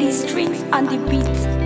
steady strings on the beat.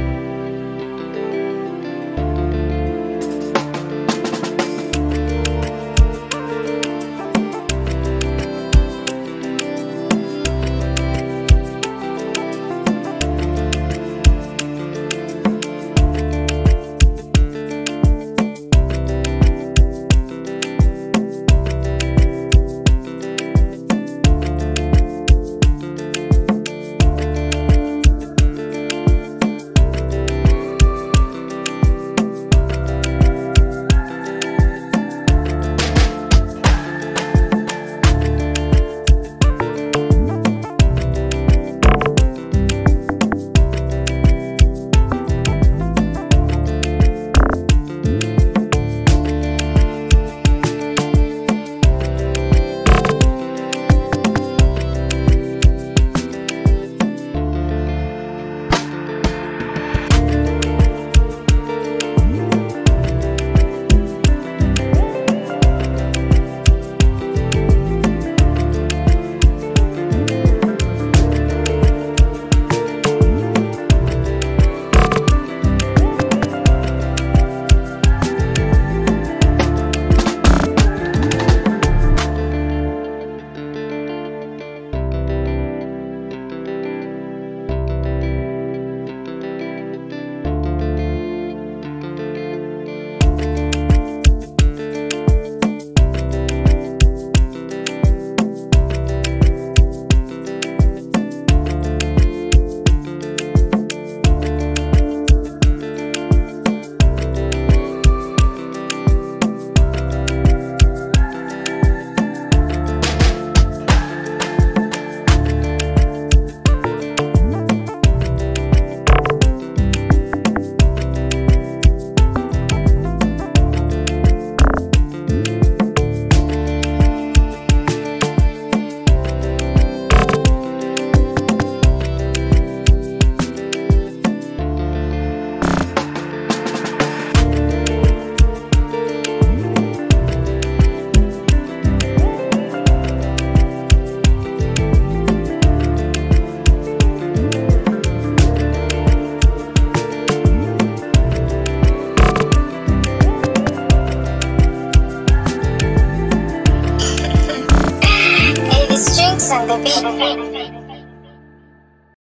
and the beat.